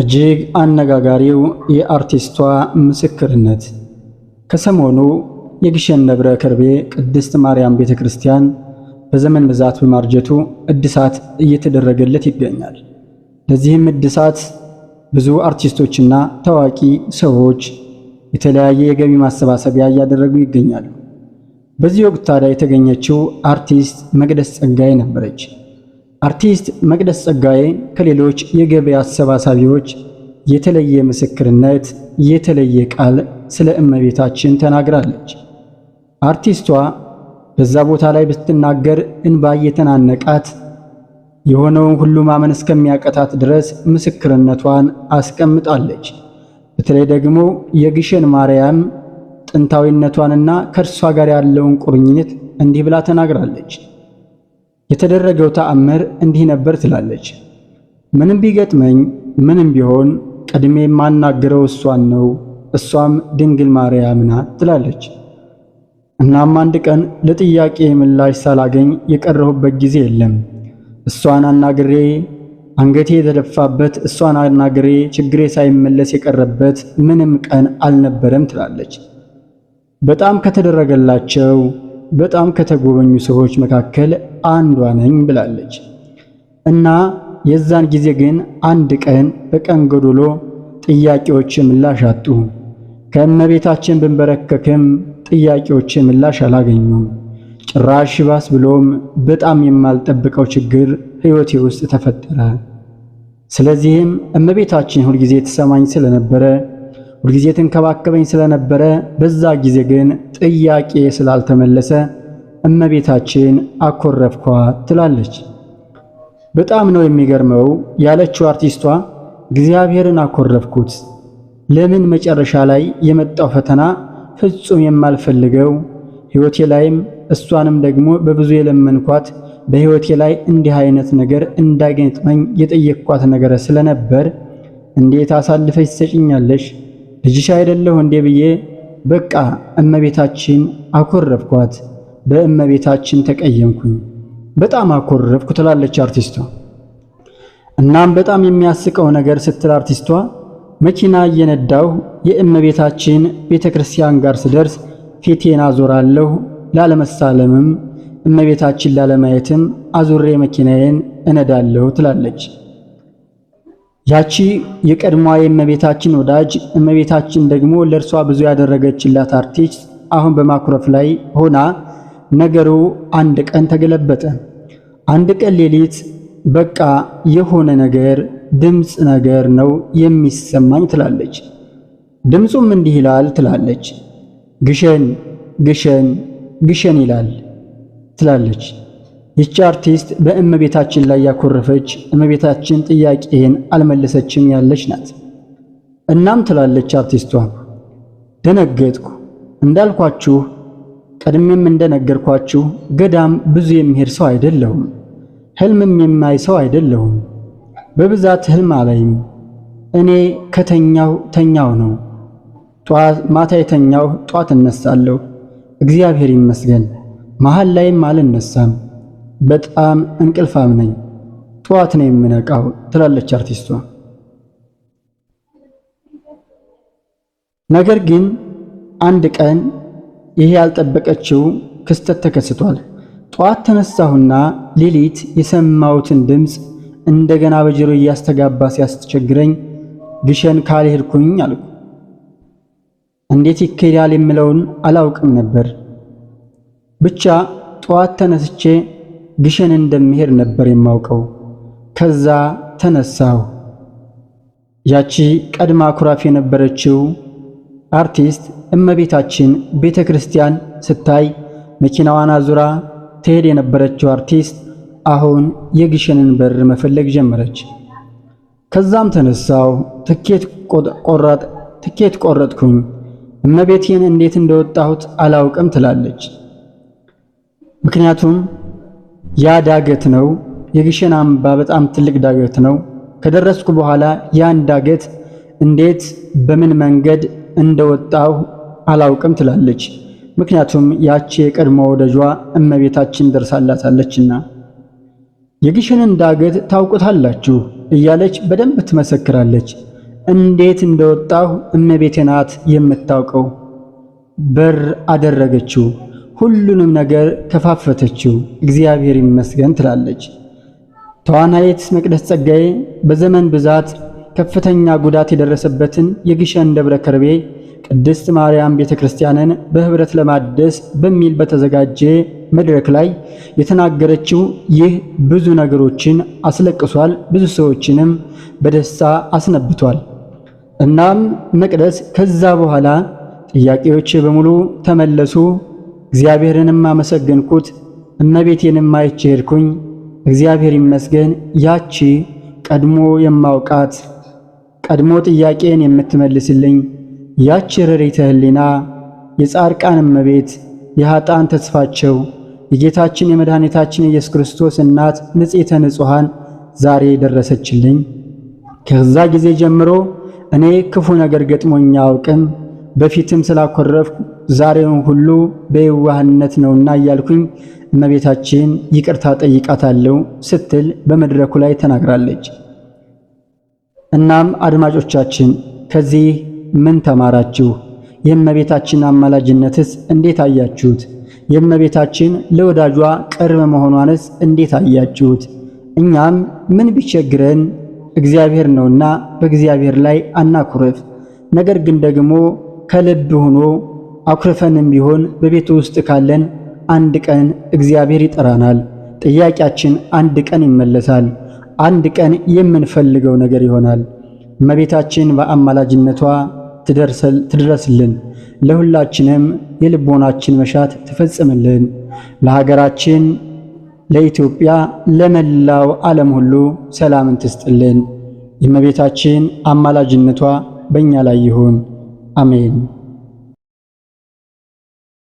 እጅግ አነጋጋሪው የአርቲስቷ ምስክርነት። ከሰሞኑ የግሸን ደብረ ከርቤ ቅድስት ማርያም ቤተ ክርስቲያን በዘመን ብዛት በማርጀቱ እድሳት እየተደረገለት ይገኛል። ለዚህም እድሳት ብዙ አርቲስቶችና ታዋቂ ሰዎች የተለያየ የገቢ ማሰባሰቢያ እያደረጉ ይገኛሉ። በዚህ ወቅት ታዲያ የተገኘችው አርቲስት መቅደስ ጸጋዬ ነበረች። አርቲስት መቅደስ ጸጋዬ ከሌሎች የገበያ አሰባሳቢዎች የተለየ ምስክርነት፣ የተለየ ቃል ስለ እመቤታችን ተናግራለች። አርቲስቷ በዛ ቦታ ላይ ብትናገር እንባ የተናነቃት የሆነውን ሁሉ ማመን እስከሚያቀታት ድረስ ምስክርነቷን አስቀምጣለች። በተለይ ደግሞ የግሸን ማርያም ጥንታዊነቷንና ከእርሷ ጋር ያለውን ቁርኝት እንዲህ ብላ ተናግራለች። የተደረገው ተአምር እንዲህ ነበር ትላለች። ምንም ቢገጥመኝ ምንም ቢሆን ቀድሜ የማናገረው እሷን ነው፣ እሷም ድንግል ማርያም ናት ትላለች። እናም አንድ ቀን ለጥያቄ ምላሽ ሳላገኝ የቀረሁበት ጊዜ የለም። እሷን አናግሬ አንገቴ የተደፋበት፣ እሷን አናግሬ ችግሬ ሳይመለስ የቀረበት ምንም ቀን አልነበረም ትላለች። በጣም ከተደረገላቸው በጣም ከተጎበኙ ሰዎች መካከል አንዷ ነኝ ብላለች። እና የዛን ጊዜ ግን አንድ ቀን በቀን ጎዶሎ ጥያቄዎች ምላሽ አጡ። ከእመቤታችን ብንበረከክም ጥያቄዎች ምላሽ አላገኙም። ጭራሽ ባስ ብሎም በጣም የማልጠብቀው ችግር ሕይወቴ ውስጥ ተፈጠረ። ስለዚህም እመቤታችን ሁልጊዜ ተሰማኝ ስለነበረ ሁልጊዜ ትንከባከበኝ ስለነበረ በዛ ጊዜ ግን ጥያቄ ስላልተመለሰ እመቤታችን አኮረፍኳ ትላለች። በጣም ነው የሚገርመው ያለችው አርቲስቷ እግዚአብሔርን አኮረፍኩት። ለምን መጨረሻ ላይ የመጣው ፈተና ፍጹም የማልፈልገው ሕይወቴ ላይም እሷንም ደግሞ በብዙ የለመንኳት በሕይወቴ ላይ እንዲህ አይነት ነገር እንዳይገጥመኝ የጠየቅኳት ነገር ስለነበር እንዴት አሳልፈች ትሰጭኛለሽ? ልጅሽ አይደለሁ እንዴ ብዬ በቃ እመቤታችን አኮረፍኳት፣ በእመቤታችን ተቀየምኩኝ፣ በጣም አኮረፍኩ ትላለች አርቲስቷ። እናም በጣም የሚያስቀው ነገር ስትል አርቲስቷ መኪና እየነዳሁ የእመቤታችን ቤተ ክርስቲያን ጋር ስደርስ ፊቴን አዞራለሁ ላለመሳለምም እመቤታችን ላለማየትም አዙሬ መኪናዬን እነዳለሁ ትላለች። ያቺ የቀድሞዋ የእመቤታችን ወዳጅ እመቤታችን ደግሞ ለእርሷ ብዙ ያደረገችላት አርቲስት አሁን በማኩረፍ ላይ ሆና ነገሩ አንድ ቀን ተገለበጠ። አንድ ቀን ሌሊት በቃ የሆነ ነገር ድምፅ ነገር ነው የሚሰማኝ ትላለች። ድምፁም እንዲህ ይላል ትላለች። ግሸን ግሸን ግሸን ይላል ትላለች። ይቺ አርቲስት በእመቤታችን ላይ ያኮረፈች እመቤታችን ጥያቄን አልመለሰችም ያለች ናት። እናም ትላለች አርቲስቷ፣ ደነገጥኩ። እንዳልኳችሁ ቀድሜም እንደነገርኳችሁ ገዳም ብዙ የሚሄድ ሰው አይደለሁም። ህልምም የማይ ሰው አይደለሁም። በብዛት ህልም አላይም። እኔ ከተኛው ተኛው ነው። ጧት ማታ የተኛው ጧት እነሳለሁ። እግዚአብሔር ይመስገን። መሃል ላይም አልነሳም። በጣም እንቅልፋም ነኝ፣ ጠዋት ነው የምነቃው ትላለች አርቲስቷ። ነገር ግን አንድ ቀን ይሄ ያልጠበቀችው ክስተት ተከስቷል። ጠዋት ተነሳሁና ሌሊት የሰማሁትን ድምፅ እንደገና በጆሮ እያስተጋባ ሲያስቸግረኝ ግሸን ካልሄድኩኝ አልኩ። እንዴት ይካሄዳል የምለውን አላውቅም ነበር። ብቻ ጠዋት ተነስቼ ግሸን እንደምሄድ ነበር የማውቀው። ከዛ ተነሳሁ። ያቺ ቀድማ ኩራፍ የነበረችው አርቲስት እመቤታችን ቤተ ክርስቲያን ስታይ መኪናዋን አዙራ ትሄድ የነበረችው አርቲስት አሁን የግሸንን በር መፈለግ ጀመረች። ከዛም ተነሳው ትኬት ቆረጥኩኝ። እመቤቴን እንዴት እንደወጣሁት አላውቅም ትላለች። ምክንያቱም ያ ዳገት ነው። የግሸን አምባ በጣም ትልቅ ዳገት ነው። ከደረስኩ በኋላ ያን ዳገት እንዴት በምን መንገድ እንደወጣሁ አላውቅም ትላለች። ምክንያቱም ያቺ የቀድሞ ወዳጇ እመቤታችን ደርሳላታለችና የግሸንን ዳገት ታውቁታላችሁ እያለች በደንብ ትመሰክራለች። እንዴት እንደወጣሁ እመቤቴ ናት የምታውቀው። በር አደረገችው። ሁሉንም ነገር ከፋፈተችው። እግዚአብሔር ይመስገን ትላለች። ተዋናይት መቅደስ ጸጋዬ በዘመን ብዛት ከፍተኛ ጉዳት የደረሰበትን የግሸን ደብረ ከርቤ ቅድስት ማርያም ቤተ ክርስቲያንን በኅብረት ለማደስ በሚል በተዘጋጀ መድረክ ላይ የተናገረችው ይህ ብዙ ነገሮችን አስለቅሷል፣ ብዙ ሰዎችንም በደስታ አስነብቷል። እናም መቅደስ ከዛ በኋላ ጥያቄዎች በሙሉ ተመለሱ። እግዚአብሔርንም አመሰገንኩት፣ እመቤቴንም አይቼ ሄድኩኝ። እግዚአብሔር ይመስገን። ያቺ ቀድሞ የማውቃት ቀድሞ ጥያቄን የምትመልስልኝ ያቺ ረድኤተ ሕሊና የጻድቃን እመቤት የኀጣን ተስፋቸው የጌታችን የመድኃኒታችን ኢየሱስ ክርስቶስ እናት ንጽሕተ ንጹሐን ዛሬ ደረሰችልኝ። ከዛ ጊዜ ጀምሮ እኔ ክፉ ነገር ገጥሞኝ አያውቅም። በፊትም ስላኮረፍኩ ዛሬውን ሁሉ በየዋህነት ነውና እያልኩኝ እመቤታችን ይቅርታ ጠይቃታለሁ ስትል በመድረኩ ላይ ተናግራለች። እናም አድማጮቻችን ከዚህ ምን ተማራችሁ? የእመቤታችን አማላጅነትስ እንዴት አያችሁት? የእመቤታችን ለወዳጇ ቅርብ መሆኗንስ እንዴት አያችሁት? እኛም ምን ቢቸግረን እግዚአብሔር ነውና በእግዚአብሔር ላይ አናኩርፍ። ነገር ግን ደግሞ ከልብ ሆኖ አኩርፈንም ቢሆን በቤቱ ውስጥ ካለን አንድ ቀን እግዚአብሔር ይጠራናል። ጥያቄያችን አንድ ቀን ይመለሳል። አንድ ቀን የምንፈልገው ነገር ይሆናል። እመቤታችን በአማላጅነቷ ትድረስልን፣ ለሁላችንም የልቦናችን መሻት ትፈጽምልን። ለሀገራችን ለኢትዮጵያ፣ ለመላው ዓለም ሁሉ ሰላምን ትስጥልን። የእመቤታችን አማላጅነቷ በእኛ ላይ ይሁን። አሜን።